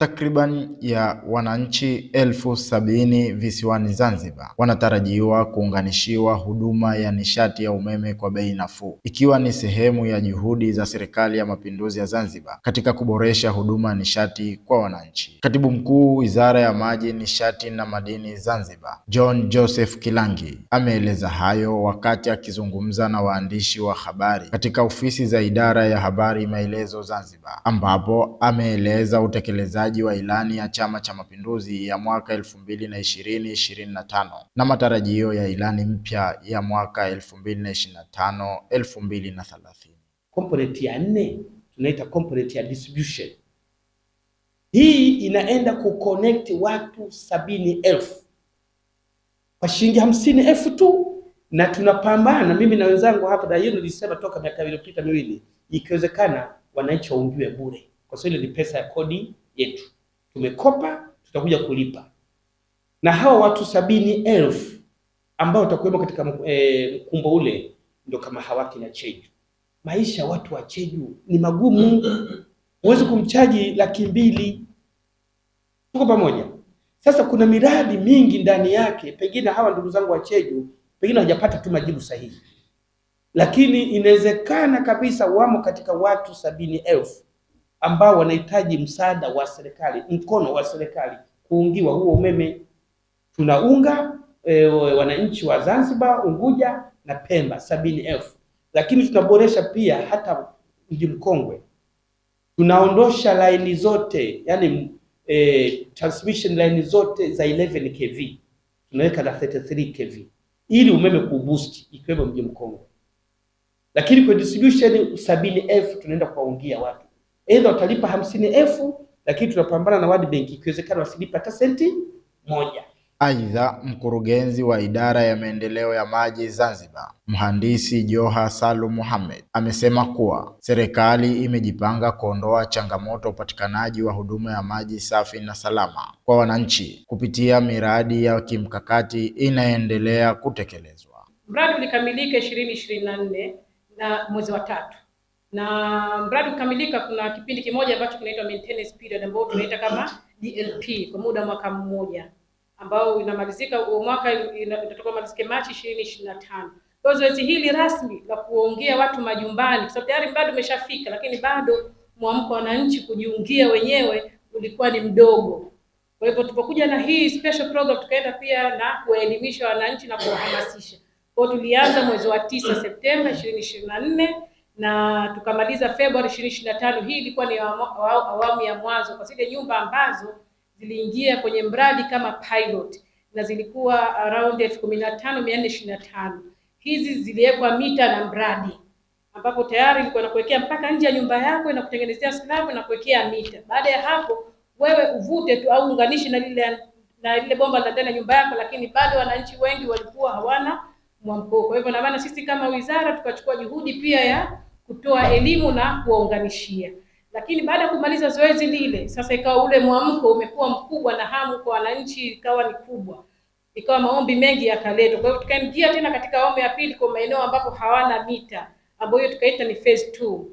Takriban ya wananchi elfu sabini visiwani Zanzibar wanatarajiwa kuunganishiwa huduma ya nishati ya umeme kwa bei nafuu, ikiwa ni sehemu ya juhudi za Serikali ya Mapinduzi ya Zanzibar katika kuboresha huduma ya nishati kwa wananchi. Katibu Mkuu Wizara ya Maji, Nishati na Madini Zanzibar, John Joseph Kilangi ameeleza hayo wakati akizungumza na waandishi wa habari katika ofisi za Idara ya Habari Maelezo Zanzibar, ambapo ameeleza utekelezaji utekelezaji wa ilani ya Chama cha Mapinduzi ya mwaka 2020-2025 na na matarajio ya ilani mpya ya mwaka 2025-2030. Component ya nne tunaita component ya distribution. Hii inaenda kuconnect watu sabini elfu kwa shilingi hamsini elfu tu na tunapambana mimi na wenzangu hapa dayo, nilisema toka miaka iliyopita miwili, ikiwezekana wananchi waungiwe bure, kwa sababu ile ni pesa ya kodi yetu. Tumekopa, tutakuja kulipa. Na hawa watu sabini elfu ambao watakuwemo katika eh, mkumbo ule, ndio kama Hawaki na Cheju. Maisha watu wa Cheju ni magumu, huwezi kumchaji laki mbili. Tuko pamoja? Sasa kuna miradi mingi ndani yake, pengine hawa ndugu zangu wa Cheju pengine hawajapata tu majibu sahihi, lakini inawezekana kabisa wamo katika watu sabini elfu ambao wanahitaji msaada wa serikali, mkono wa serikali kuungiwa huo umeme. Tunaunga e, wananchi wa Zanzibar, Unguja na Pemba sabini elfu, lakini tunaboresha pia hata Mji Mkongwe, tunaondosha laini zote yani e, transmission line zote za 11 kV tunaweka na 33 kV ili umeme kuboost ikiwemo Mji Mkongwe, lakini kwa distribution sabini elfu tunaenda kuwaungia watu aidha watalipa hamsini elfu lakini tunapambana na World Bank, ikiwezekana wasilipe hata senti moja. Aidha, mkurugenzi wa idara ya maendeleo ya maji Zanzibar, mhandisi Joha Salum Mohamed amesema kuwa serikali imejipanga kuondoa changamoto upatikanaji wa huduma ya maji safi na salama kwa wananchi kupitia miradi ya kimkakati inayoendelea kutekelezwa. Mradi ulikamilika ishirini ishirini na nne na mwezi wa tatu na mradi kukamilika, kuna kipindi kimoja ambacho kinaitwa maintenance period ambao tunaita kama DLP kwa muda mwaka mmoja ambao inamalizika mwaka inatakiwa malizike Machi 2025. Kwa zoezi hili rasmi la kuongea watu majumbani, kwa sababu tayari mradi umeshafika, lakini bado mwamko wa wananchi kujiungia wenyewe ulikuwa ni mdogo. Kwa hivyo tulipokuja na hii special program, tukaenda pia na kuwaelimisha wananchi na kuwahamasisha. Kwa hiyo tulianza mwezi wa tisa Septemba ishirini na nne na tukamaliza Februari 2025. Hii ilikuwa ni awamu ya mwanzo kwa zile nyumba ambazo ziliingia kwenye mradi kama pilot na zilikuwa around 15425. Hizi ziliwekwa mita na mradi ambapo tayari ilikuwa nakuwekea mpaka nje ya nyumba yako kutengenezea slab na kuwekea mita. Baada ya hapo wewe uvute tu au unganishe na lile na lile bomba la ndani ya nyumba yako, lakini bado wananchi wengi walikuwa hawana mwamko. Kwa hivyo na maana sisi kama wizara tukachukua juhudi pia ya kutoa elimu na kuwaunganishia. Lakini baada ya kumaliza zoezi lile, sasa ikawa ule mwamko umekuwa mkubwa na hamu kwa wananchi ikawa ni kubwa, ikawa maombi mengi yakaletwa. Kwa hiyo tukaingia tena katika awamu ya pili kwa maeneo ambapo hawana mita, ambayo tukaita ni phase two.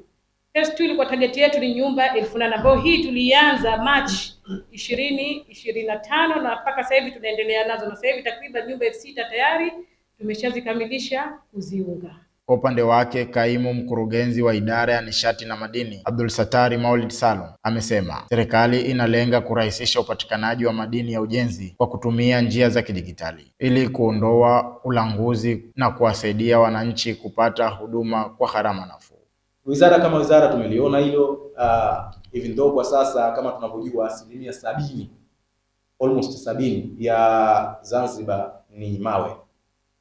Phase two ilikuwa target yetu ni nyumba elfu nane ambayo hii tulianza Machi ishirini ishirini na tano na mpaka sasa hivi tunaendelea nazo, na sasa hivi takriban nyumba elfu sita tayari tumeshazikamilisha kuziunga. Kwa upande wake kaimu mkurugenzi wa idara ya nishati na madini Abdul Satari Maulid Salum amesema serikali inalenga kurahisisha upatikanaji wa madini ya ujenzi kwa kutumia njia za kidijitali ili kuondoa ulanguzi na kuwasaidia wananchi kupata huduma kwa gharama nafuu. Wizara kama wizara tumeliona hilo uh, even though kwa sasa kama tunavyojua asilimia sabini almost sabini ya Zanzibar ni mawe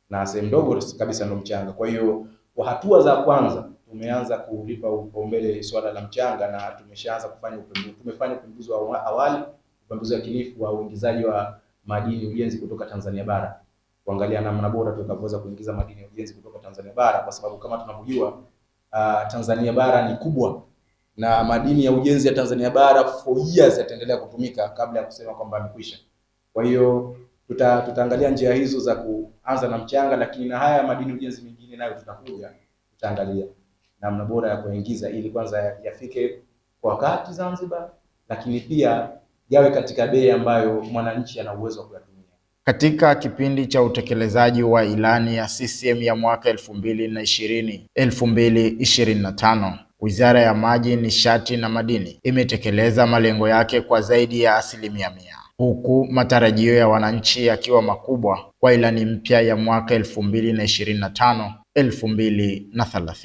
na sehemu ndogo kabisa ndo mchanga, kwa hiyo kwa hatua za kwanza tumeanza kulipa upaumbele swala la mchanga na tumeshaanza kufanya upembuzi. Tumefanya upembuzi wa awali, upembuzi wa kinifu wa uingizaji wa madini ujenzi kutoka Tanzania bara, kuangalia namna bora tutakavyoweza kuingiza madini ya ujenzi kutoka Tanzania bara, kwa sababu kama tunavyojua uh, Tanzania bara ni kubwa na madini ya ujenzi ya Tanzania bara for years yataendelea kutumika kabla ya kusema kwamba amekwisha. Kwa hiyo tuta, tutaangalia njia hizo za kuanza na mchanga, lakini na haya madini ya ujenzi mengine nayo tutakuja tutaangalia namna bora ya kuingiza ili kwanza yafike kwa wakati Zanzibar, lakini pia yawe katika bei ambayo mwananchi ana uwezo wa kuyatumia. Katika kipindi cha utekelezaji wa ilani ya CCM ya mwaka 2020 2025 Wizara ya Maji, Nishati na Madini imetekeleza malengo yake kwa zaidi ya asilimia mia huku matarajio ya wananchi yakiwa makubwa kwa ilani mpya ya mwaka 2025 2030.